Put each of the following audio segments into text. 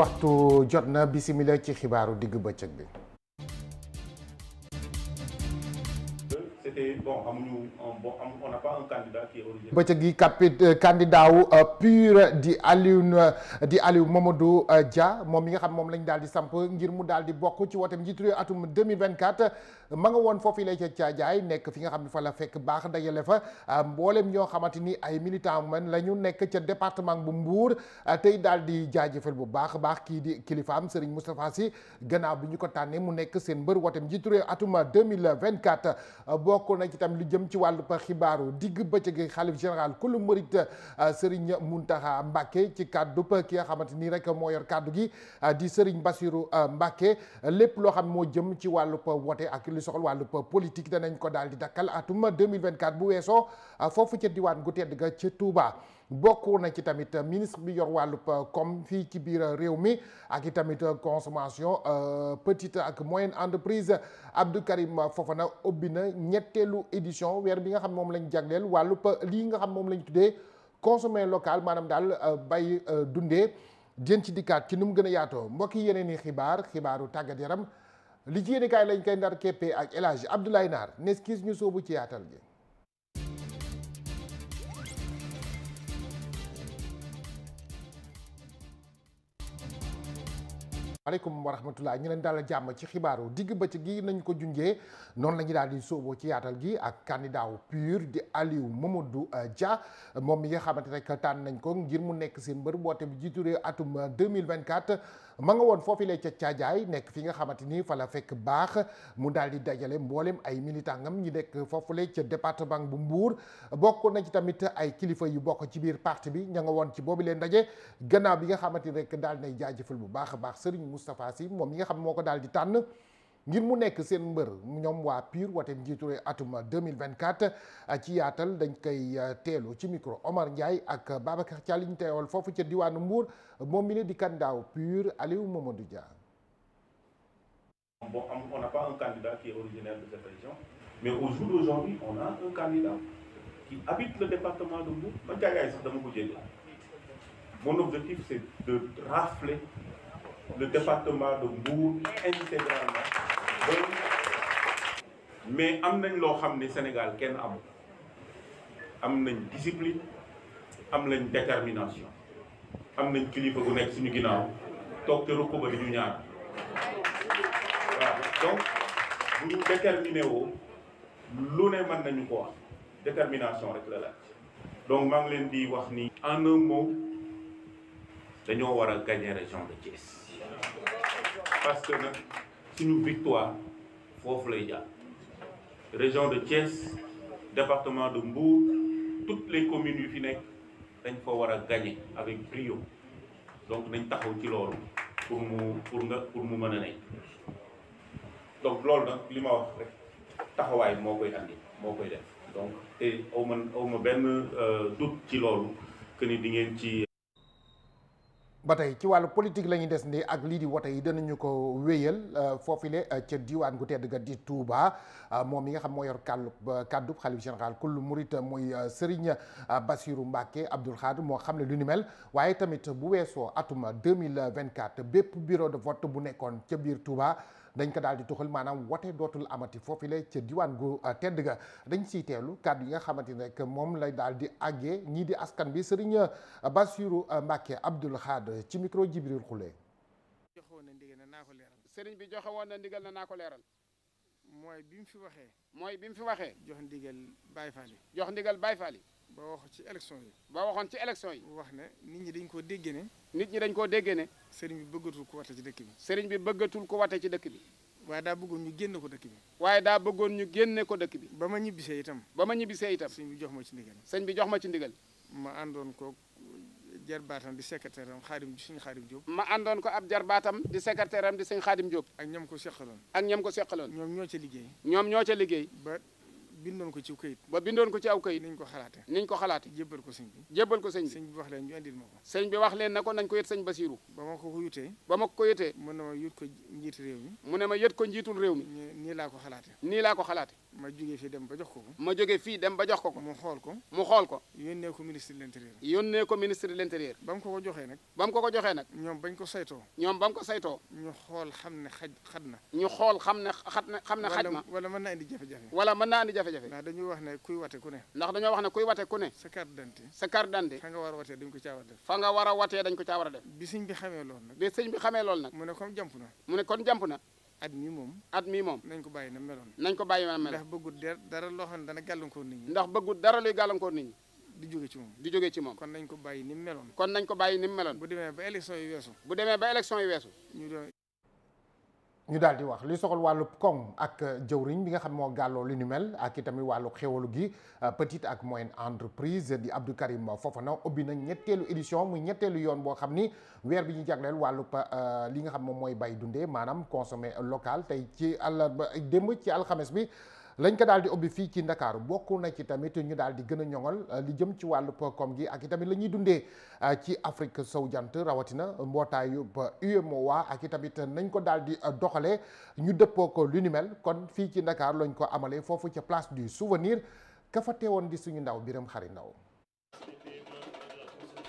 waxtu jot na bisimila ci xibaaru digg bëccëg bi amuñu on n'a pas un candidat qui est originaire. bëccëg euh, euh, di Alioune euh, di Aliou Mamadou moom mi nga xam moom lañ daal di samp ngir mu daal di bokk ci wootem njiitu réew atum 2024 ma nga woon foofu lay ca caajaay nekk fi nga xam ne fa la fekk baax dajale fa mboolem ñoo xamante ni ay militant man la ñu nekk ca département bu Mbour tey daal di jaajëfal bu baax baax kii di kilifaam Serigne Moustapha Sy gannaaw bi ñu ko tànnee mu nekk seen mbër wootem njiitu réew atum 2024 bokk na ci tam jëm ci wàllu xibaaru digg bëccëg xalif général kulu murit euh, Serigne Mountakha Mbacké ci kaddu ki nga xamante nii rek moo yor kaddu gi euh, di Serigne Bassirou euh, Mbacké lépp loo xam moo jëm ci wàllu wote ak lu soxal wàllu politique danañ ko daal di dakkal vingt 2024 bu weesoo foofu ca diwaan gu tedd ga ca tuubaa bokk na ci tamit ministre bi yor wàllub comme euh, fii ci biir euh, réew mi ak i tamit euh, consommation petite ak moyenne entreprise Abdou Karim Fofana ubbi na ñetteelu édition weer bi nga xam moom lañ jagleel wàllub lii nga xam moom lañ tuddee consommer local maanaam daal bay dundee jën ci dikkaat ci nu mu gën a yaatoo mbokk yi yeneen i xibaar xibaaru tàggat yaram li ci yéene kaay lañ koy ndar keppe ak El Hadj Abdoulaye Naar neskis ñu soobu ci yaatal gi maaleykum wa ñu leen daal jàmm ci xibaaru digg bëccëg gi nañ ko junjee noonu la ñu daal di sooboo ci yaatal gi ak candidat wu PUR di Aliou du euh, Dia moom mi nga xamante rek tànn nañ ko ngir mu nekk seen mbër boote bi jiitu réew atum 2024 euh, ma nga woon foofu la ca caajaay nekk fi nga xamante ni fa la fekk baax mu daal di dajale mboolem ay militangam ñi nekk foofu foofule ca département bu mbuur bokk nañ tamit ay kilifa yu bokk ci biir parti bi ña nga ci boobu leen daje gannaaw bi nga xamante ni daal nay jaajëfal bu baax a baax sëriñ Moustapha Sy moom yi nga xam moo ko daal di tànn ngir mu nekk seen mbër ñoom waa PUR wate njiiture atum 2024 ah, ci yaatal dañ koy ah, teelu ci micro Omar Ndiaye ak Babacar Thial ñu teewal foofu ca diwaanu Mbour moom mi ne di kandaaw PUR Aliou Mamadou Dia. Bon, on n'a a un candidat qui habite objectif c'est de rafler le département de Mbour intégralement mais am nañ loo xam ne Sénégal kenn amul am nañ discipline am nañ détermination am nañ kilifa ku nekk suñu ginnaaw toog te ruq ba ñu ñaar waaw donc bu ñu lu ne mën nañu ko wax détermination rek la laaj donc maa leen di wax ni en un mot dañoo war a gagner région de Thiès parce que nag suñu victoire foofu lay jaar région de Thiès département de Mbour toutes les communes yu fi nekk dañ fa war a gagner avec brio donc nañ taxaw ci loolu pour mu pour nga pour mu mën a nekk donc loolu nag li ma wax rek taxawaay moo koy andi moo koy def donc te aw ma aw benn euh, doute ci loolu que di ngeen ci. ba tey ci wàllu politique la ñuy des ni ak lii di wote yi danañu ko wéyal foofu euh, foofile euh, ca diwaan gu tedd ga di Touba euh, moom mi nga xam moo yor kàllu kàddu xalif général kullu murit muy Serigne Bassirou Mbacké Abdoul Khadr moo xam ne lu ni mel waaye tamit bu weesoo atuma 2024 bépp bureau de vote bu nekkoon ca biir Touba dañ ko daal di tuxal maanaam wote dootul amati foofu la ca diwaan gu euh, tedd ga dañ siy teelu kàddu yi nga xamante ne que moom lay daal di àggee ñii di askan bi Serigne euh, Bassirou euh, Mbacké Abdoul Khad ci micro Jibril Khoulé. joxewoon na ndigal na naa ko leeral. sëriñ bi joxe woon na ndigal na naa ko leeral. mooy bi mu fi waxee. mooy bi mu fi waxee. jox ndigal Baye Fall. jox ndigal Baye ba waxoon ci élection yi. ba waxoon ci élection yi. wax ne nit ñi dañ ko déggee ne. nit ñi dañ koo déggee ne. sëriñ bi bëggatul ko wate ci dëkk bi. sëriñ bi bëggatul ko wate ci dëkk bi. waaye daa bëggoon ñu génne ko dëkk bi. waaye daa bëggoon ñu génne ko dëkk ba ma ñibbisee itam. ba ma ñibbisee itam. sëñ bi jox ma ci ndigal. sëñ bi jox ma ci ndigal. ma àndoon ko jarbaatam di secrétaire am xaadim suñu xaadim Diop. ma àndoon ko ab jarbaatam di secrétaire am di suñu xaadim Diop. ak ñam ko seqaloon. ak ñam ko seqaloon. ñoom ñoo ca liggéey. ñoom ñoo ca liggéey. ba bindoon ko ci kayit ba bindoon ko ci aw kayit niñ ko xalaate niñ ko xalaate jébbal ko sëñ bi jébbal ko sëñ bi sëñ bi wax leen ñu andil ma ko sëñ bi wax na ko nañ ko yët sëñ Basiru ba ma ko yutee ba ma ko yutee mu ne ma yët ko njiitu réew mi mu ne ma yët ko njiitul réew nii laa ko xalaate nii laa ko xalaate ma jóge fii dem ba jox ko ko. ma jóge fii dem ba jox ko ko. mu xool ko mu xool ko. yónnee ko ministre de l'intérieur. yónnee ko ministre de l'intérieur. ba mu ko ko joxee nag. ko ko joxee nag. ñoom bañ ko saytoo. ñoom ba mu ko saytoo. ñu xool xam ne xaj xat na. ñu xool xam ne xat na xam ne xaj na. wala mën naa indi jafe-jafe. wala mën naa indi jafe-jafe. wax ne kuy wate ku ne. ndax dañoo wax ne kuy wate ku ne. sa carte d'identité. sa carte d'identité. fa nga war a watee dañ ko caa war a def. fa nga war a watee dañ ko caa war a def. bi sëñ xamee loolu nag. bi sëñ bi na. mu ne kon jàmp na at mi moom at mi moom nañ ko bàyyi na meloon nañ ko bàyyi na meloon ndax bëggut dara loo dana gàllankoor nit ñi ndax bëggut dara luy gàllankoor nit ñi di jóge ci moom di jóge ci moom kon nañ ko bàyyi ni meloon kon nañ ko bàyyi ni meloon bu demee ba élection yi weesu bu demee ba élection yi weesu ñu daal di wax li soxal wàllu koŋ ak jëwriñ bi nga xam moo gàlloo li nu mel ak itamit wàllu xéwalu gi euh, petite ak moyenne entreprise di Abdou Karim Fofana ubbi na ñetteelu édition muy ñetteelu yoon boo xam ni weer bi ñu jagleel wàllu euh, li nga xam moom mooy bay dundee maanaam consommer local tey ci àll ba démb ci alxames bi lañ ko daal di ubbi fii ci Ndakaaru bokk na ci tamit ñu daal di gën a ñoŋal euh, li jëm ci wàllu koom gi ak i tamit la ñuy dundee euh, ci Afrique sowu jant rawatina mbootaayu ba UEMOA ak i tamit nañ ko daal di euh, doxalee ñu dëppoo ko lu ni mel kon fii ci Ndakaaru lañ ko amalee foofu ca place du souvenir ka fa teewoon di suñu ndaw biram xari ndaw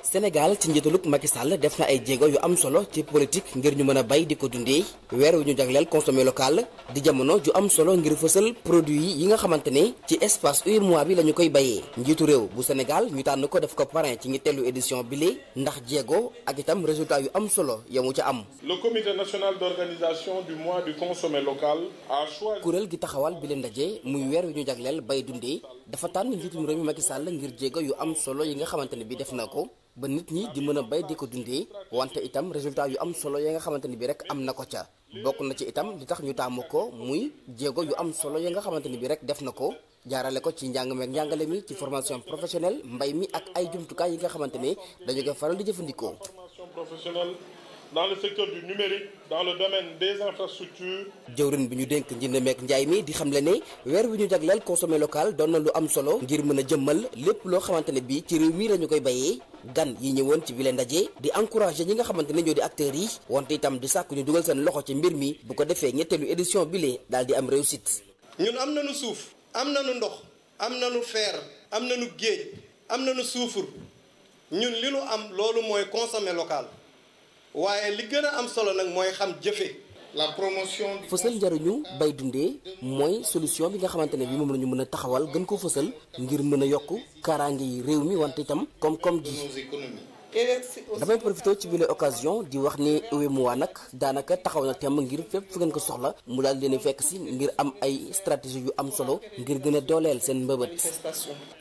Sénégal ci njiitalug Macky def na ay jéego yu am solo ci politique ngir ñu mën a bay di ko dundee weer wu ñu jagleel consommé local di jamono ju am solo ngir fësal produit yi nga xamante ne ci espace UEMOA bi la ñu koy bayee njiitu réew bu Sénégal ñu tànn ko def ko parrain ci ngi tellu édition bile ndax jéego ak itam résultat yu am solo yamu ca am. le comité national d'organisation du kuréel gi taxawal bile ndaje muy weer wu ñu jagleel bay dundee dafa tànn njiitu réew mi Macky Sall ngir jéego yu am solo yi nga xamante ne bi def na ko. ba nit ñi di mën a bay di ko dundee wante itam résultat yu am solo yi nga xamante ni bi rek am na ko ca bokk na ci itam di tax ñu taamu ko muy jéego yu am solo yi nga xamante ni bi rek def na ko jaarale ko ci njàng meek njàngale mi ci formation professionnelle mbay mi ak ay jumtukaay yi nga xamante ne dañu koy faral di jëfandikoo. dans le secteur du numérique dans le domaine des infrastructures. jëwrin bi ñu dénk njënd meek njaay mi di xamle ne weer bi ñu jagleel consommer local doon na lu am solo ngir mën a jëmmal lépp loo xamante ne bii ci réew mi la ñu koy bayee gan yi ñëwoon ci bile ndaje di encourager ñi nga xamante ne ñoo di acteurs yi wante itam di sàkk ñu dugal seen loxo ci mbir mi bu ko defee ñetteelu édition bile daal di am réussite. ñun am nañu suuf am na nañu ndox am nañu fer am nañu géej am nañu suufur ñun li ñu am loolu mooy consommer local. waaye li gën a am solo nag mooy xam jëfe la promotion fësal njariñu bay dundee mooy solution bi nga xamante ne bi moom la ñu mën a taxawal gën ko fësal ngir mën a yokk kaaraange yi réew mi wante itam comme koom gi damay profité ci bile occasion di wax ni UEMOA nag daanaka taxaw na temm ngir fépp fu ko soxla mu daal leen fekk si ngir am ay stratégie yu am solo ngir gën a dooleel seen mbëbët.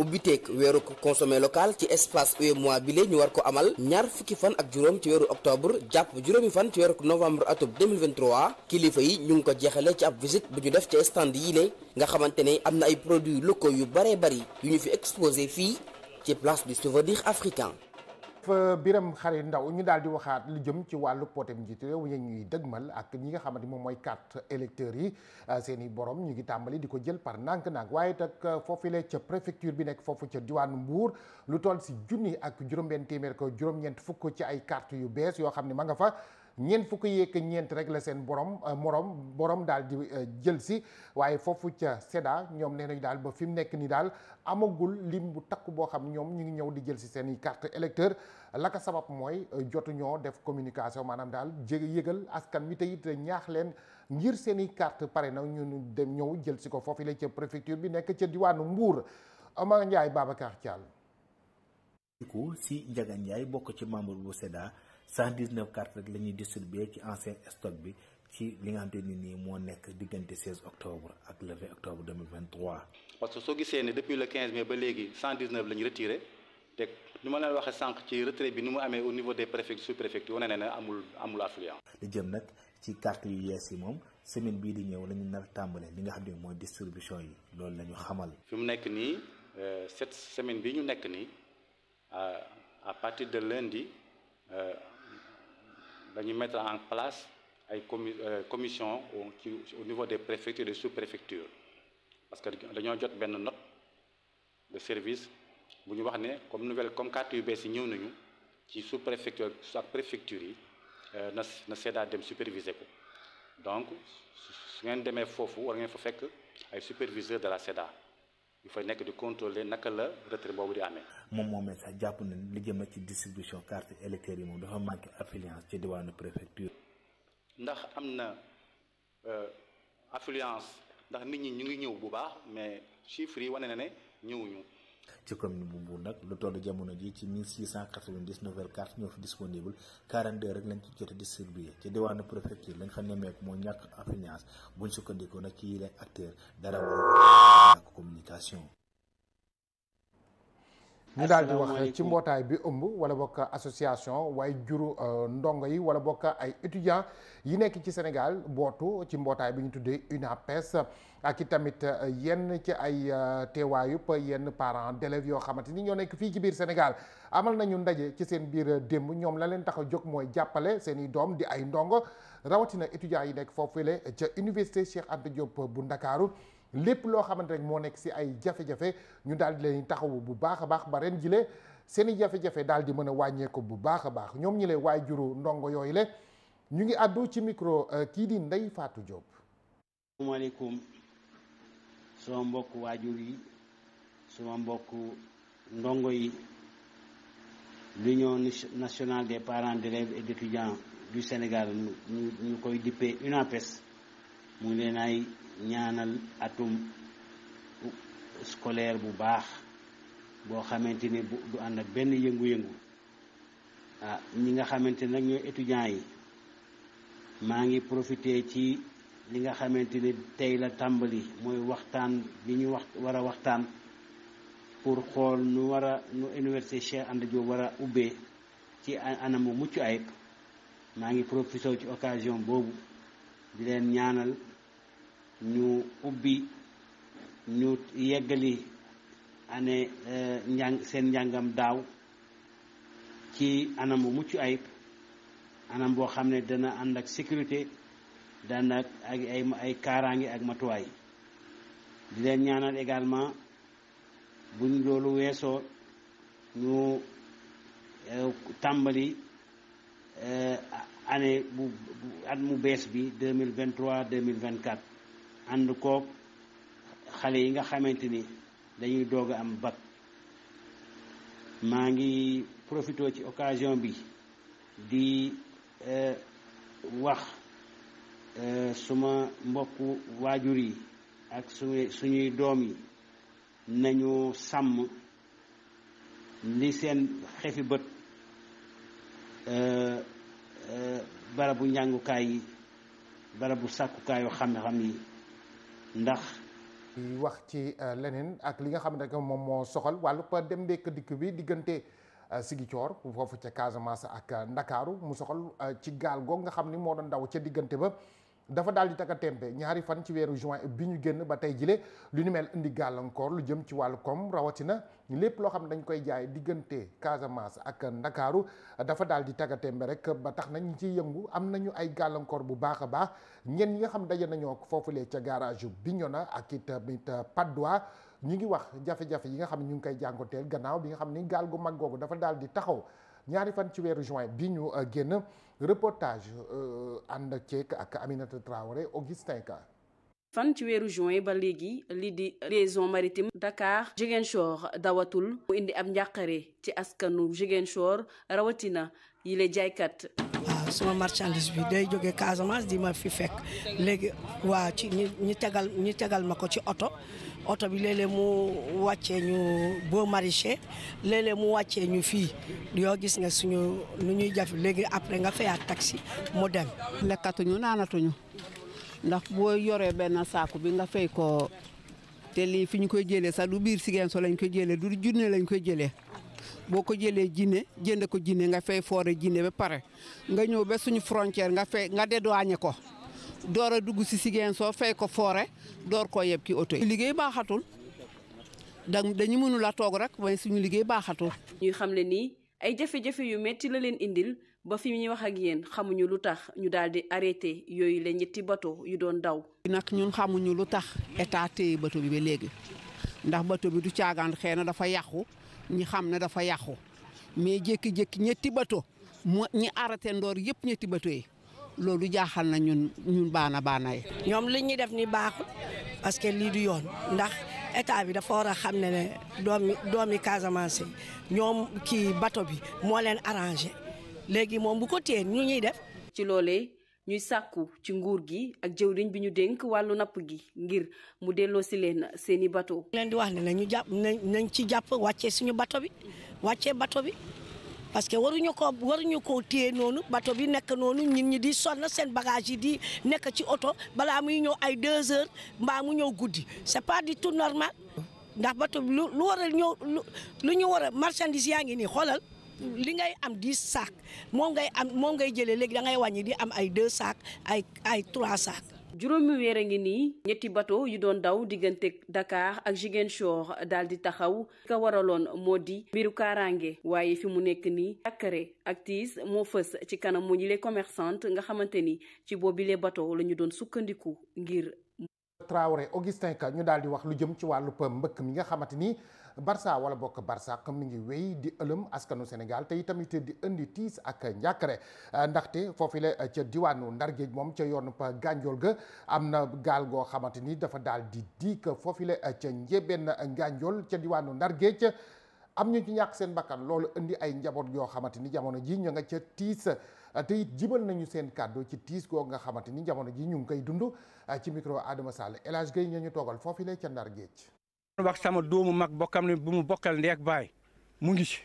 ubbiteeg weeru consommé local ci espace UEMOA bile ñu war ko amal ñaar fukki fan ak juróom ci weeru octobre jàpp juróomi fan ci weeru novembre atum 2023 kilifa yi ñu ngi ko jeexale ci ab visite bu ñu def ci stand yile nga xamante ne am na ay produits locaux yu baree bari yu ñu fi exposé fii ci place du souvenir africain. fa euh, Birame Khare Ndaw ñu daal di waxaat lu jëm ci wàllu potem njiitu réew yi ñuy dëgmal ak ñi nga xamante moom mooy carte électeurs yi euh, seeni i borom ñu ngi tàmbali di ko jël par nànk-nànk waaye tak euh, foofule ca préfecture bi nekk foofu ca diwaanu Mbour lu toll si junni ak juróom-benn téeméer ko juróom-ñeent fukk ci ay carte yu bees yoo xam ne ma nga fa ñeent fukk yeeg ñeent rek la seen borom euh, morom boroom daal di euh, jël si waaye foofu ca SEDA ñoom nee nañu daal ba fi mu nekk ni daal amagul lim bu takk boo xam ñoom ñu ngi ñëw di jël si seen i carte électeur la ko sabab mooy euh, jotu ñoo def communication maanaam daal jé yëgal askan wi te it ñaax leen ngir seeni i pare na ñu dem ñëw jël si ko foofu la ca préfecture bi nekk ca diwaanu Mbour Omar Ndiaye Babacar Thial. ko si Ndiaga bokk ci membre 119 cartes rek la ñuy distribuer ci ancien stock bi ci li nga xamante ni nii moo nekk diggante 16 octobre ak le 20 octobre 2023. parce que soo gisee ne depuis le 15 mai ba léegi 119 la ñu retiré te ni ma leen waxee sànq ci retrait bi ni mu amee au niveau des préfectures sous-préfectures wane na amul amul affluent. li jëm nag ci carte yu yees yi moom semaine bii di ñëw la ñu nar tàmbale li nga xam ne mooy distribution yi loolu la ñu xamal. fi mu nekk nii euh, cette semaine bi ñu nekk nii euh, à partir de lundi. Euh, dañu mettre en place ay commi euh, commission au ci au niveau des préfectures et des sous-préfectures parce que dañoo jot benn note de service bu ñu wax ne comme nouvelle comme carte yu bees yi ñëw nañu ci sous-préfecture ak préfecture yi euh, na na seddaa dem superviser ko donc su ngeen demee foofu war ngeen fa fekk ay superviseur de la SEDA bi fay nekk di contrôler naka la retrait boobu di amee. moom moom sax jàpp na li jëm ci distribution carte électeur yi moom dafa manqué affluence ci diwaanu préfecture. ndax am na euh, affluence ndax nit ñi ñu ngi ñëw bu baax mais chiffres yi wane na ne ñëwuñu. ci commune bu Mbour nag lu toll jamono ji ci 1699 cartes ñoo fi disponible 42 rek lañ ci jot a distribué ci diwaanu préfecture lañ fa nemmeeku moo ñàkk affinage buñ sukkandikoo nag ci yile acteur dara war ak communication ñu daal di ci mbootaay bi ëmb wala bokk association waaye jur euh, ndongo yi wala bokk ay étudiants yi nekk ci Sénégal bootu ci mbootaay bi ñu tuddee UNAPES ak i tamit euh, yenn ci ay euh, teewaayub yenn parent d'élèves yoo xamante ni ñoo nekk fii ci biir Sénégal amal nañu ndaje ci seen biir démb ñoom la leen tax a jóg mooy jàppale seen i doom di ay ndongo rawatina étudiants yi nekk foofule ca université Cheikh Anta Diop bu Ndakaaru lépp loo xamante rek moo nekk si ay jafe-jafe ñu daal di leen taxawu bu baax a baax ba ren jile seeni i jafe-jafe daal di mën a wàññeeku bu baax a baax ñoom ñi le waay juru ndongo yooyu le ñu ngi àddu ci micro euh, kii di Ndeye Fatou Diop. asalaamaaleykum suma mbokk waajur yi suma mbokk ndongo yi l'union nationale des parents d'élèves et d'étudiants du Sénégal ñu koy dippee UNAPES mu ngi ñaanal atum scolaire bu baax boo xamante ni bu du ànd ak benn yëngu-yëngu ah ñi nga xamante ne nag ñoo étudiants yi maa ngi profité ci li nga xamante ni tey la tàmbali mooy waxtaan bi ñu wax war a waxtaan pour xool nu war a nu université Cheikh Anta Diop war a ubbee ci anam bu mucc ayib maa ngi profité ci occasion boobu di leen ñaanal ñu ubbi ñu yeggali année eh, njàng seen njàngam daaw ci anam bu mucc ayib anam boo xam ne dana ànd ak sécurité dana ak ay kaaraange ak matuwaay di leen ñaanal également buñ loolu weesoo ñu eh, tàmbali eh, année bu at mu bees bi deux mille vingt trois deux mille vingt quatre ànd koog xale yi nga xamante ni dañuy doog a am bac maa ngi profité ci occasion bi di euh, wax euh, suma mbokku waajur yi ak suñuy suñuy doom yi nañu sàmm li seen xefi bët euh, barabu njàngukaay yi barabu sàkkukaayu xam-xam yi ndax. di wax ci euh, leneen ak li nga xam ne moom moo soxal wàllu pa dem beek dikk bi diggante Sigicoor euh, foofu ca Casamance ak euh, Ndakaaru mu soxal ci gaal googu nga xam ni moo doon ndaw ca diggante ba. dafa daal di taka tempe ñaari fan ci weeru juin bi ñu génn ba tey jilee lu ñu mel indi gàllankoor lu jëm ci wàllu koom rawatina lépp loo xam ne dañ koy jaay diggante Casamance ak Ndakaaru dafa daal di taka tembe rek ba tax nañ ñu ciy yëngu am nañu ay gàllankoor bu baax a baax ñen ñi nga xam daje nañoo foofulee ca garage Bignona ak it tamit Patte d'Oie ñu ngi wax jafe-jafe yi nga xam ñu ngi koy jànkoonteel gannaaw bi nga xam ni gaal gu mag googu dafa daal di taxaw ñaari fan ci weeru juin bi ñu génn reportage euh, ànd ak ceek ak Aminata Traoré fan ci weeru juin ba léegi li di liaison maritime Dakar Ziguinchor dawatul mu indi ab njàqare ci askanu Ziguinchor rawatina yi jaaykat waaw suma marchandise bi day jóge Casamance di ma fi fekk léegi waa ci ñu tegal ñu tegal ma ko ci oto oto bi léeg-léeg mu wàccee ñu boo maraîcher léeg-léeg mu wàccee ñu fii yoo gis nga suñu nu ñuy jaf léegi après nga fayaat taxi mu dem. lekkatuñu naanatuñu ndax boo yoree benn saaku bi nga fay ko te lii fi ñu koy jëlee sax du biir Ziguinchor lañ koy jëlee du junne lañ koy jëlee. boo ko jëlee jinne jënd ko jinne nga fay foore jinne ba pare nga ñëw ba suñu frontière nga fay nga dédouané ko. door a dugg si soo fay ko foore door koo yeb ki oto yi. liggéey baaxatul dañu mënul a toog rek mooy suñu liggéey baaxatul. ñuy xamle ni ay jafe yu metti la leen indil ba fi ñuy wax ak yéen xamuñu lu tax ñu daal di arrêté yooyu la ñetti bato yu doon daw. nag ñun xamuñu lu tax état téye bato bi ba léegi ndax bato bi du caagaan xëy na dafa yàqu ñi xam ne dafa yàqu mais jékki-jékki ñetti bato mu ñi arrêté ndoor yëpp ñetti bato yi. loolu jaaxal na ñun ñun baana baana yi. ñoom li ñuy def ni baaxul parce lii du yoon ndax état bi dafa war a xam ne ne doomi doomi Casamance ñoom kii bato bi moo leen arrangé léegi moom bu ko téye ñu ñuy def. ci loolee ñuy sàkku ci nguur gi ak jëwriñ bi ñu dénk wàllu napp gi ngir mu delloo si leen seeni bato. leen di wax ne ñu jàpp nañ ci jàpp wàccee suñu bato bi wàccee bato bi. parce que waruñu ko waruñu koo téye noonu bato bi nekk noonu ñun ñi di sonn seen bagage yi di nekk ci oto bala muy ñëw ay deux heures mbaa mu ñëw guddi c'est pas du normal ndax bato bi lu lu war lu ñu war a marchandise yaa ngi nii xoolal li ngay am dix sacs moom ngay am moom ngay jëlee léegi da ngay wàññi di am ay deux sacs ay ay trois sacs. juróomi weer a ngi nii ñetti bateau yi doon daw diggante dakaar ak jigéen Ziguinchor daal di taxaw ka waraloon moo di mbiru kaaraange waaye fi mu nekk nii jàkkare ak tiis moo fës ci kanam mu ñi les nga xamante ni ci boobile bateau la ñu doon sukkandiku ngir Traoré Augustin Ka ñu daal di wax lu jëm ci wàllu mbëkk mi nga xamante ni barsa wala bokk Barça mi ngi wéy di ëlëm askanu Sénégal te itamit di indi tiis ak njàkkare euh, ndaxte foofu la ca diwaanu Ndar géej moom ca yoonu pa gànjool ga am na gaal goo xamante ni dafa daal di diik foofu ca njëbeen gànjool ca diwaanu Ndar géej am ñu ci ñàkk seen bakkan loolu indi ay njaboot yoo xamante ni jamono jii ñu nga ca tiis Ah, te it jibal nañu seen kàddu ci tiis googu nga xamante ni jamono ji ñu ngi koy dund ah, ci micro Adama Sall El Hadj Gueye ñu toogal foofu la ca Ndar Géej. wax sama doomu mag kam ne bu mu bokkal ndeeg baay mu ngi ci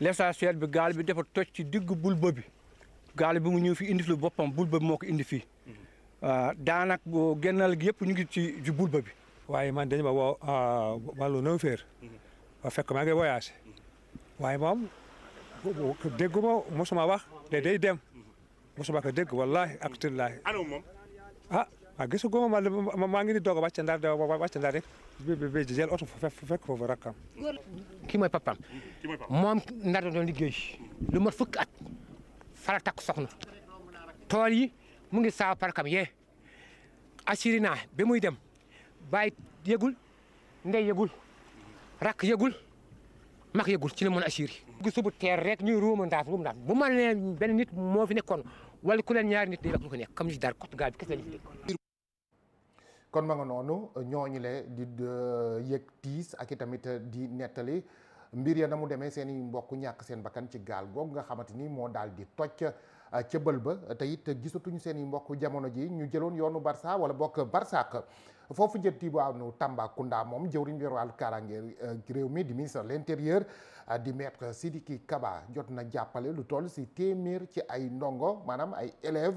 l'essentiel bi gaal bi dafa toj ci digg bulba bi gaal bi mu ñëw fi indi fi boppam bulba bi moo ko indi fii ah, daanak boo gennal gi yëpp ñu ngi ci bulba bi. waaye man dañ ma woo wàllu neuf heures ba fekk maa ngi voyagé waaye moom dégguma mosuma wax. te day dem mosuma ko dégg wallaahi ak tillaahi. allo moom. ah ah gisu ma maa ni doog a wàcc ndaar de wàcc ndaar bi bi jël oto fekk foofu rakkam. kii mooy papaam. moom ndar doon liggéey lu mat fukki at fala takk soxna tool yi mu ngi saaw parkam yee assuré naa ba muy dem bàyyi yëgul ndey yegul rakk yëgul mag yëgul ci la mën a assuré. gu subu teer rek ñuy ruuma ndaas ruuma ma benn nit moo fi nekkoon wala ku leen ñaari nit day wax lu ko nekk comme ni dara kottu gaal bi kon ma nga le di yëg tiis ak itamit di nettali mbir ya na mu demee seen i mbokk ñàkk seen bakkan ci gaal googu nga xamante ni moo daal di toj ah, ca bël ba te it gisatuñu seen i mbokk jamono ji ñu jëloon yoonu Barça wala bokk Barsak foofu njëtti bu nu Tambacounda moom jëwriñ bi yor wàllu kaaraange eh, réew mi di ministre de l'intérieur Ah, di maître Sidiki Kaba jot na jàppale lu toll si téeméer ci ay ndongo maanaam ay élèves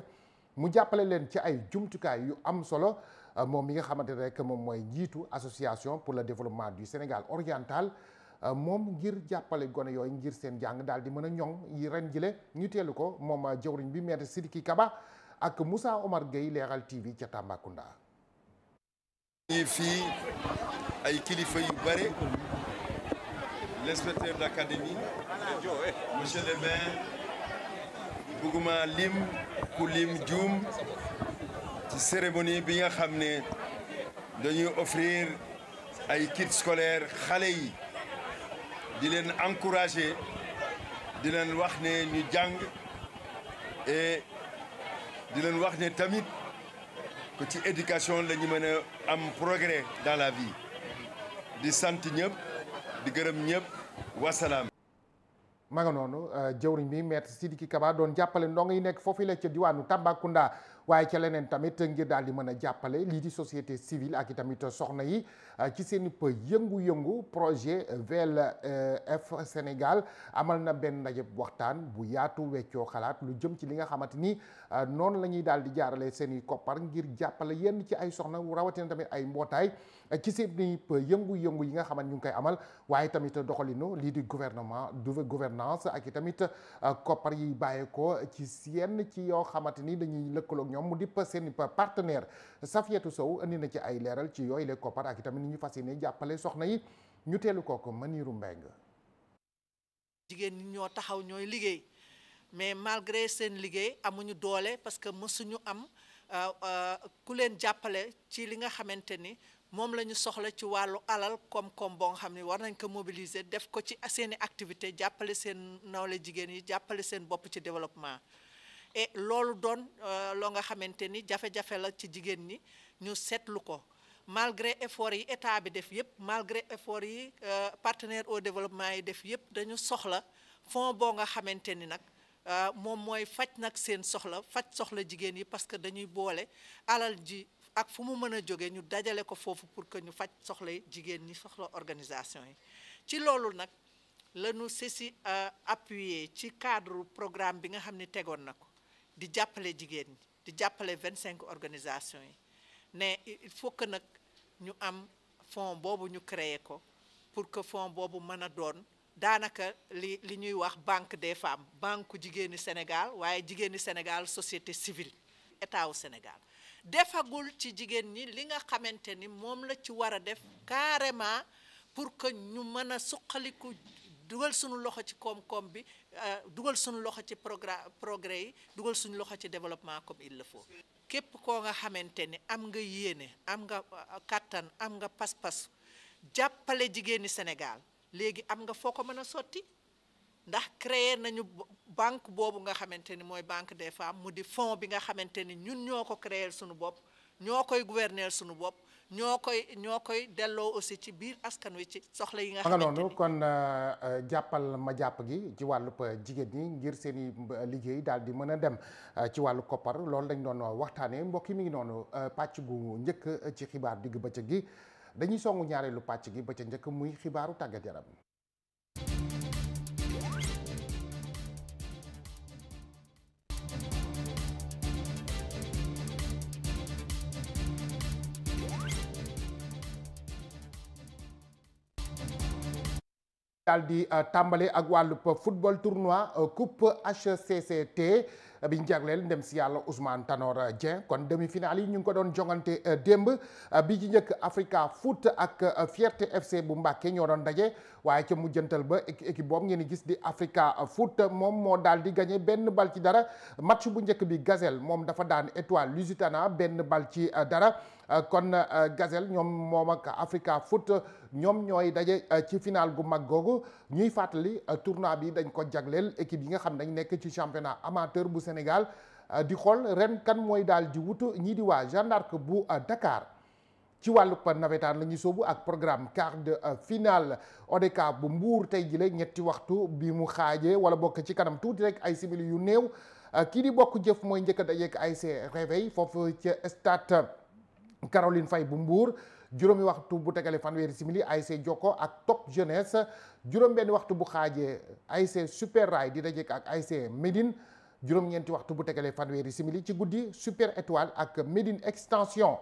mu jàppale leen ci ay jumtukaay yu am solo ah, moom mi nga xamante rek moom mooy njiitu association pour le développement du Sénégal oriental ah, moom ngir jàppale gone yooyu ngir seen jàng daal di mën a ñoŋ yi ren jile ñu teelu ko moom jawriñ bi maître Sidiki Kaba ak musa Omar Gueye Leral TV ca Tambacounda. fii l'inspecteur d'académie monsieur le maire bëgguma lim ku lim juum ci cérémonie bi nga xam ne dañuy offrir ay kits scolaires xale yi di leen encourager di leen wax ne ñu jàng et di leen wax ne tamit que ci éducation la ñu mën a am progrès dans la vie di sant ñëpp di gërëm ñëpp wasalaam. ma nga noonu euh, jëwriñ bi maître Sidiki Kaba doon jàppale ndongo yi nekk foofu la ca diwaanu Tambacounda waaye ca leneen tamit ngir daal di mën a jàppale lii di société civile ak i tamit soxna yi euh, ci seeni i yëngu-yëngu projet VLF e Sénégal amal na benn ndaje waxtaan bu yaatu weccoo xalaat lu jëm ci li nga xamante ni euh, noonu lañuy ñuy daal di jaarale seeni i koppar ngir jàppale yenn ci ay soxna rawatina tamit ay mbootaay. ci seen i yëngu-yëngu yi nga xamante ñu ngi koy amal waaye tamit doxalinu lii di gouvernement du gouvernance ak i tamit euh, koppar yi bàyyeekoo ci yenn ci yoo xamante ni dañuy lëkkaloog ñoom mu dipp seen partenaire Safiatou Sow indi na ci ay leeral ci yooyu les koppar ak i tamit ni ñu fas yéene jàppale soxna yi ñu teelu kooku Maniru Mbeng jigéen ñi ñoo taxaw ñooy liggéey mais malgré seen liggéey amuñu doole parce que mësuñu am euh, euh, ku leen jàppale ci li nga xamante ni moom la ñu soxla ci wàllu alal koom-koom boo xam ne war nañ ko mobiliser def ko ci seeni activité jàppale seen nawle jigéen yi jàppale seen bopp ci développement et loolu doon euh, loo nga xamante ni jafe-jafe la ci jigéen ñi ñu seetlu ko malgré effort yi état bi def yëpp malgré effort yi euh, partenaire au développement yi def yëpp dañu soxla fonds boo nga xamante ni nag euh, moom mooy faj nag seen soxla faj soxla jigéen yi parce que dañuy boole alal ji ak fu mu mën a jóge ñu dajale ko foofu pour que ñu faj soxlay jigéen ñi soxla organisation yi ci loolu nag lanu ñu ceci euh, appuyer ci cadre programme bi nga xam ni tegoon na ko di jàppale jigéen ñi di jàppale vingt cinq organisation yi ne il faut que nag ñu am fonds boobu ñu créer ko pour que fonds boobu mën a doon daanaka li li ñuy wax banque des femmes banque jigéeni Sénégal waaye jigéeni Sénégal société civile état wu Sénégal defagul ci jigéen ñi li nga xamante ni moom la ci war a def carrément pour que ñu mën a suqaliku dugal suñu loxo ci koom-koom bi euh, dugal suñu loxo ci progrès progrès yi dugal suñu loxo ci développement comme il le képp koo nga xamante ni am nga yéene am nga euh, kàttan am nga pas-pas jàppale jigéeni Sénégal léegi am nga foo ko mën a sotti ndax créer nañu banque boobu nga xamante ni mooy banque des femmes mu di fonds bi nga xamante ni ñun ñoo ko créer suñu bopp ñoo koy gouverner suñu bopp ñoo koy ñoo koy delloo aussi ci biir askan wi ci soxla yi nga xamante ni noonu kon euh, euh, jàppal ma jàpp gi ci wàllub euh, jigéen ñi ngir seen i liggéey daal di mën a dem ci wàllu koppar loolu dañ doon waxtaanee mbokk yi mi ngi noonu pàcc gu njëkk ci xibaar digg bëcc gi dañuy songu ñaareelu pàcc gi ba ca njëkk muy xibaaru tàggat yaram daal di euh, tàmbale ak wàllu football tournoi euh, coupe HCCT euh, bi ñu jagleel ndem si yàlla Ousmane Tanor Dieng kon demi-finale yi ñu ngi ko doon jongante démb bi ci njëkk Africa Foot ak Fierté FC bu Mbàkke ñoo doon daje waaye ca mujjantal ba équipe boobu ngeen gis di Africa Foot moom moo daal di gagné benn bal ci dara match bu njëkk bi Gazelle moom dafa daan Étoile Lusitana benn bal ci dara Euh, kon euh, Gazelle ñoom moom ak Africa Foot ñoom ñooy daje euh, ci final gu mag googu ñuy fàttali tournoi bi dañ ko jagleel équipe yi nga xam dañ nekk ci championnat amateur bu Sénégal di xool ren kan mooy daal di wutu ñii di waa Jeanne bu Dakar ci wàllu nawetaan la ñuy soobu ak programme quart de finale ODCAV bu mbuur tey jii la ñetti waxtu bi mu xaajee wala bokk ci kanam tuuti rek ay simili yu néew kii di bokk jëf mooy njëkk a dajeek ay ASC Réveil foofu ca stade. Caroline fay bu Mbour juróomi waxtu bu tegale fanweeri simili ASC Jokko ak Top Jeunesse juróom benn waxtu bu xaajee ASC Super Rail di dajeek ak ASC Médine juróom-ñeenti waxtu bu tegalee fanweeri simili ci guddi Super Étoile ak Médine Extension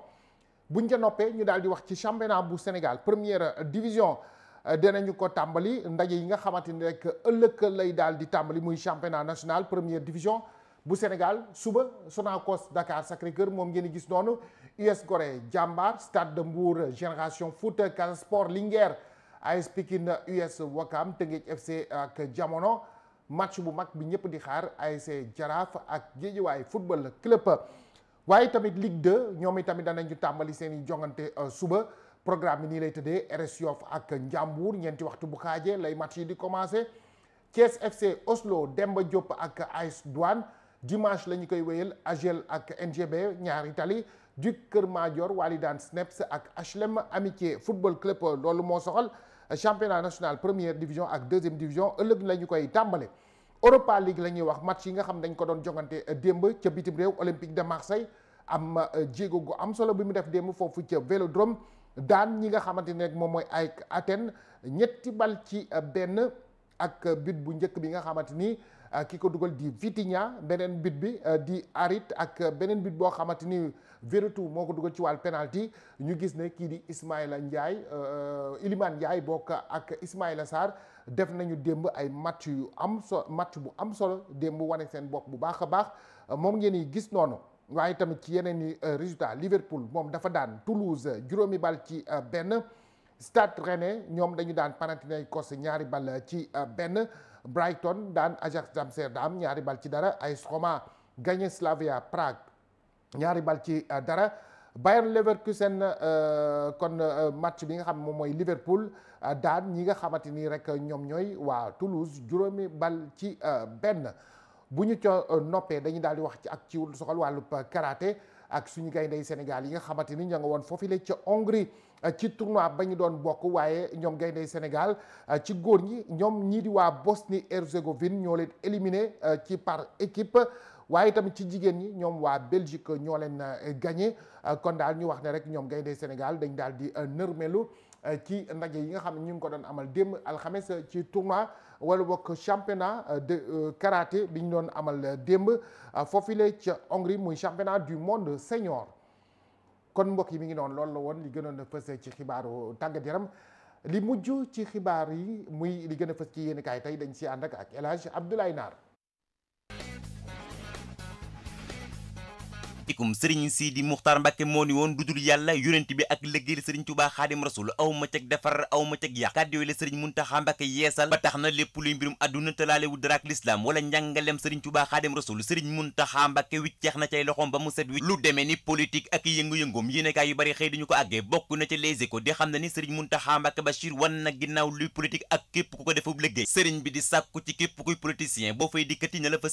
buñ ca noppee ñu daal di wax ci championnat bu Sénégal première division dinañu ko tàmbali ndaje yi nga xamante ni rek ëllëg lay daal di tàmbali muy championnat national première division bu Sénégal suba Sonacos Dakar Sacré-Cœur moom ngeen gis noonu US Gorée Diambar Stade de Mbour Génération Foot Casa Sport li Linguère AS Pikine US Wakam Teungueth FC ak Jamono match bu mag bi ñëpp di xaar ASC Jaraaf ak Guédiawaye Football Club waaye tamit Ligue 2 ñoom itamit danañu tàmbali seen i jongante euh, suba programme bi nii lay tëddee RS Yoff ak Njàmbur ñeenti waxtu bu xaajee lay match yi di commencé Thiès FC Oslo Demba Diop ak AS Douane dimanche la ñu koy wéyal AGEL ak NGB ñaari tali Duc Kër Madior Walidane Sneps ak HLM Amitié football club loolu moo soxal championnat national première division ak deuxième division ëllëg la ñu koy tàmbale. Europa League la ñuy wax match yi nga xam dañ ko doon jongante euh, démb ca bitim réew Olympique de Marseille am euh, jéego gu am solo bi mu def démb foofu ca Vélodrome daan ñi nga xamante ne rek moom mooy ay Athènes ñetti bal ci euh, benn ak bit bu njëkk bi nga xamante ni. Euh, ki ko dugal di Vitinha beneen mbit bi euh, di Harit ak euh, beneen mbit boo xamante ni Veretout moo ko dugal ci wàllu penalty ñu gis ne kii di Ismaïla Ndiaye Iliman Ndiaye bokk ak Ismaïla Sarr def nañu démb ay match yu am so bu am solo démb wane seen bopp bu baax a baax moom ngeen yi gis noonu waaye tamit ci yeneen i résultat Liverpool moom dafa daan Toulouse juróomi bal ci benn Stade Rennais ñoom dañu daan cos ñaari bal ci benn Brighton daan Ajax d'Amsterdam ñaari bal ci dara ay Roma gagné Slavia Prague ñaari bal ci euh, dara Bayern Leverkusen euh, kon euh, match bi nga xam moom mooy Liverpool daan ñi nga xamante ni rek ñoom ñooy waa Toulouse juróomi bal ci benn bu ñu co noppee dañu daal di wax ci ak ci soxal wàllu karaté ak suñu gayndey Sénégal yi nga xamante ni ña nga woon foofu foofile ca Hongrie Euh, ci tournoi ba ñu doon bokk waaye ñoom gaynde Sénégal euh, ci góor ñi ñoom ñii di waa Bosnie Herzégovine ñoo leen éliminé euh, ci par équipe waaye tamit ci jigéen ñi ñoom waa Belgique ñoo leen gagné kon daal ñu wax ne rek ñoom gaynde Sénégal dañ daal di nërmelu ci ndaje yi nga xam ne ñu ngi ko doon amal démb alxames ci tournoi wala bokk championnat de karaté bi ñu doon amal démb foofile ca Hongrie muy championnat du monde senior. kon mbokk yi mi ngi noon loolu la woon li gënoon a fës ci xibaaru tàng yaram li mujj ci xibaar yi muy li gën a fës ci yéen kaay tey dañ si ànd ak ak El Hadj Abdoulaye Naar salaamaaleykum sëriñ Sidi Muxtaar Mbàkke moo ni woon dudul yàlla yonent bi ak liggéeyal sëriñ Tuubaa Xaadim Rasul aw ma ceg defar aw ma ceg yàq kàddu yooyu la sëriñ Mbàkke yeesal ba tax na lépp luy mbirum àdduna tëlaalewu dara ak lislaam wala njàngalem sëriñ Tuubaa Xaadim Rasul sëriñ Muntaxa Mbàkke wicceex na cay loxoom ba mu set wi lu demee ni politique ak yëngu-yëngoom yéenekaay yu bari xëy dañu ko àggee na ca Les Échos di xam ne na ginnaaw luy politique ak ko defub liggéey na la fa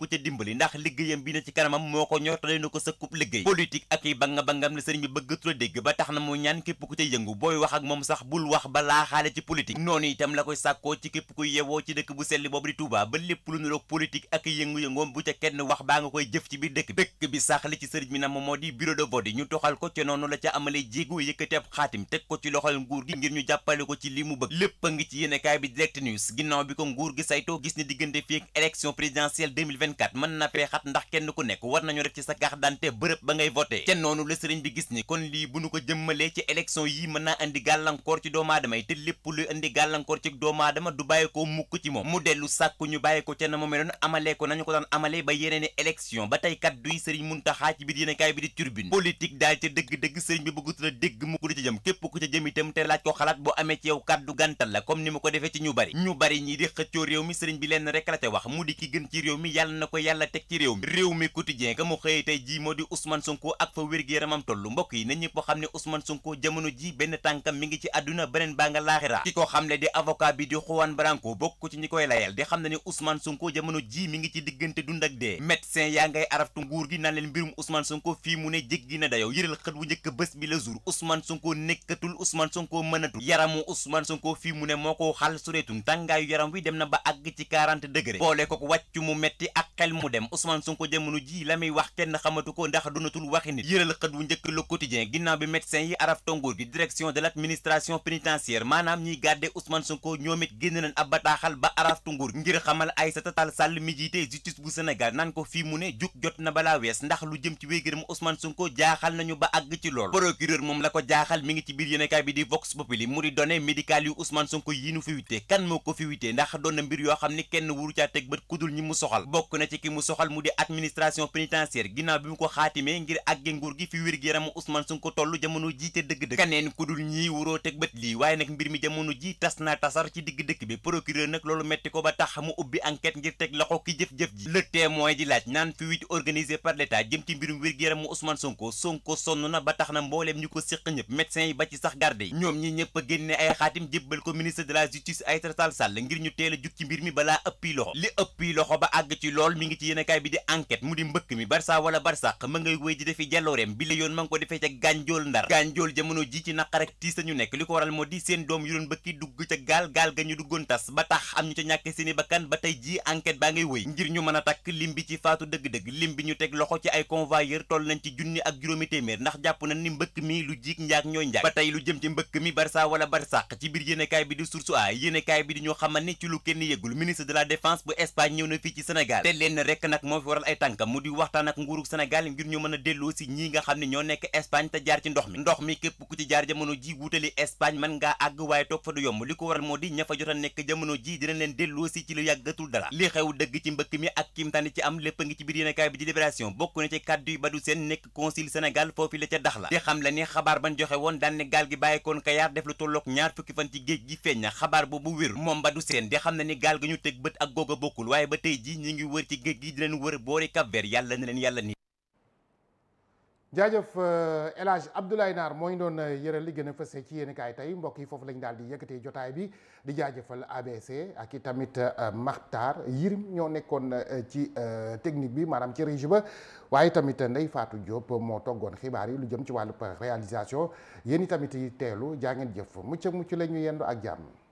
ko ca dimbali ndax liggéeyam bi na ci kanamam moo ko ñor te doy na ko sëkkub liggéey politique ak yi banga bangam ne sëriñ bi bëgg dégg ba tax na mu ñaan képp ku cay yëngu booy wax ak moom sax bul wax ba laaxaale ci politique noonu itam la koy sàkkoo ci képp ku yewoo ci dëkk bu selli boobu di Touba ba lépp lu nuroog ak yëngu-yëngoom bu ca kenn wax baa nga koy jëf ci biir dëkk dëkk bi sax ci sëriñ bi na moom moo di bureau de vote ñu toxal ko ca noonu la ca amale jéego yëkkati ab xaatim teg ko ci loxol nguur gi ngir ñu jàppale ko ci li mu bëgg lépp a ngi ci yéenekaay bi direct news ginnaaw bi ko nguur gi saytoo gis ne diggante fii ak élection présidentielle 2024 mën na na peexat ndax kenn ku nekk war nañu rek ci sa carte d'identité bërëb ba ngay voté te noonu la sëriñ bi gis ni kon lii bu nu ko jëmmalee ci élection yi mën naa indi gàllankoor ci doomu yi te lépp luy indi gàllankoor ci doomu du bàyyi ko mukk ci moom mu dellu sàkku ñu bàyyi ko ca na mu meloon amalee ko nañu ko daan amalee ba yeneeni élection ba tey kaddu sëriñ Muntaxa ci biir yéenekaay bi di turbine politique daal ca dëgg-dëgg sëriñ bi bëggut teg ci réew mi réew mi quotidien ga mu xëy tey ji moo di Ousmane Sonko ak fa wér-gu-yaramam toll mbokk yi na ñëpp xam ne Ousmane Sonko jamono ji benn tànkam mi ngi ci àdduna beneen baa nga laaxira ki ko xam di avocat bi di Juan Branco bokk ci ñi koy layal di xam ne ne Ousmane Sonko jamono ji mi ngi ci diggante dund ak dee médecin yaa ngay araftu nguur gi naan leen mbirum Ousmane Sonko fii mu ne jéggi na dayow yëral xët wu njëkk bés bi la jour Ousmane Sonko nekkatul na ba àgg ci 40 degré boole ko wàccu am Ousmane Sonko jamono ji la muy wax kenn xamatu ko ndax donatul waxi nit yëral xët wu njëkk le quotidien ginnaaw bi médecin yi araf tongoor bi direction de l'administration pénitentiaire maanaam ñiy garde Ousmane Sonko ñoom it génn nañ ab bataaxal ba araf tongoor ngir xamal Aïssata Tall Sall mi jiite justice bu Sénégal naan ko fii mu ne jug jot na balaa wees ndax lu jëm ci wéygërëm Ousmane Sonko jaaxal nañu ba àgg ci lool procureur moom la ko jaaxal mi ngi ci biir yéenekaay bi di Vox Populi mu di données médicales yu Ousmane Sonko yi nu fi wite yoo xam ne kenn wuru caa teg bët kudul ñi mu soxal bokk na soxal mu di administration pénitentiaire ginnaaw bi mu ko xaatimee ngir àgge nguur gi fi wér gi yaramu Ousmane Sonko toll jamono ji te dëgg-dëgg kaneen ku dul ñii wuroo teg bët lii waaye nag mbir mi jamono ji tas na tasar ci digg dëkk bi procureur nag loolu metti ko ba tax mu ubbi enquête ngir teg loxo ki jëf-jëf ji le témoin di laaj naan fi wit organisé par l'état jëm ci mbirum wér gi yaramu Ousmane Sonko Sonko son na ba tax na mbooleem ñu ko séq ñëpp yi ba ci sax garde ñoom ñi ñëpp a génne ay ko ministre de la justice Aïssata Tall Sall ngir ñu teel a jug ci mbir mi balaa ëppi loxo li ëppi loxo ba àgg ci lool mi yéenekaay bi di enquête mu di mbëkk mi barça wala barsàq ma ngay wéy di defi jallooreem bi la yoon ma ngi ko defee ca gànjool ndar gànjool jamono ji ci naqar ak tiis lañu nekk li ko waral moo di seen doom yu doon dugg ca gaal ñu duggoon ba tax am ñu ca ñàkk seeni bakkan ba tey ji enquête baa ngay wéy ngir ñu mën a takk lim bi ci faatu dëgg-dëgg lim bi ñu teg loxo ci ay convoyeur toll nañ ci junni ak juróomi téeméer ndax jàpp nañ ni mbëkk mi lu jiig njaag ñooy njaag tey lu jëm ci mbëkk mi barça wala barsàq ci biir yéenekaay bi di source a yéenekaay bi di ñu xamal ni ci lu kenn yëgul ministre de la défense bu Espagne ñëw na fii ci Sénégal te leen rek nekk nag moo fi waral ay tànkam mu di waxtaan ak nguurug Sénégal ngir ñu mën a delloo si nga xam ne ñoo nekk Espagne te jaar ci ndox mi ndox mi képp ku ci jaar jamono ji wutali Espagne mën ngaa àgg waaye toog fa du yomb li ko waral moo di ña fa jot a nekk jamono ji dina leen delloo ci lu yàggatul dara li xew dëgg ci mbëkk mi ak kiimtaani ci am lépp a ngi ci biir yéenekaay bi di Libération bokk na ci kàddu yi Badou Sène nekk consul Sénégal foofu la gi na xabaar boobu wér moom Badou Sène di di wër boori Cap Vert yàlla yàlla ni jaajëf euh, El Hadj Abdoulaye Naar moo ñu doon euh, yëral li gën a fësee ci yéen kaay tey mbokk yi foofu lañ daal di yëkkatee jotaay bi di jaajëfal ABC ak i tamit euh, Makhtar Yirim ñoo nekkoon ci technique bi maanaam ci régie ba waaye tamit Ndeye Fatou Diop moo toggoon xibaar yi lu jëm ci wàllu par réalisation yéen i tamit teelu jaa ngeen jëf mucc mucc la ñu yendu ak jàmm.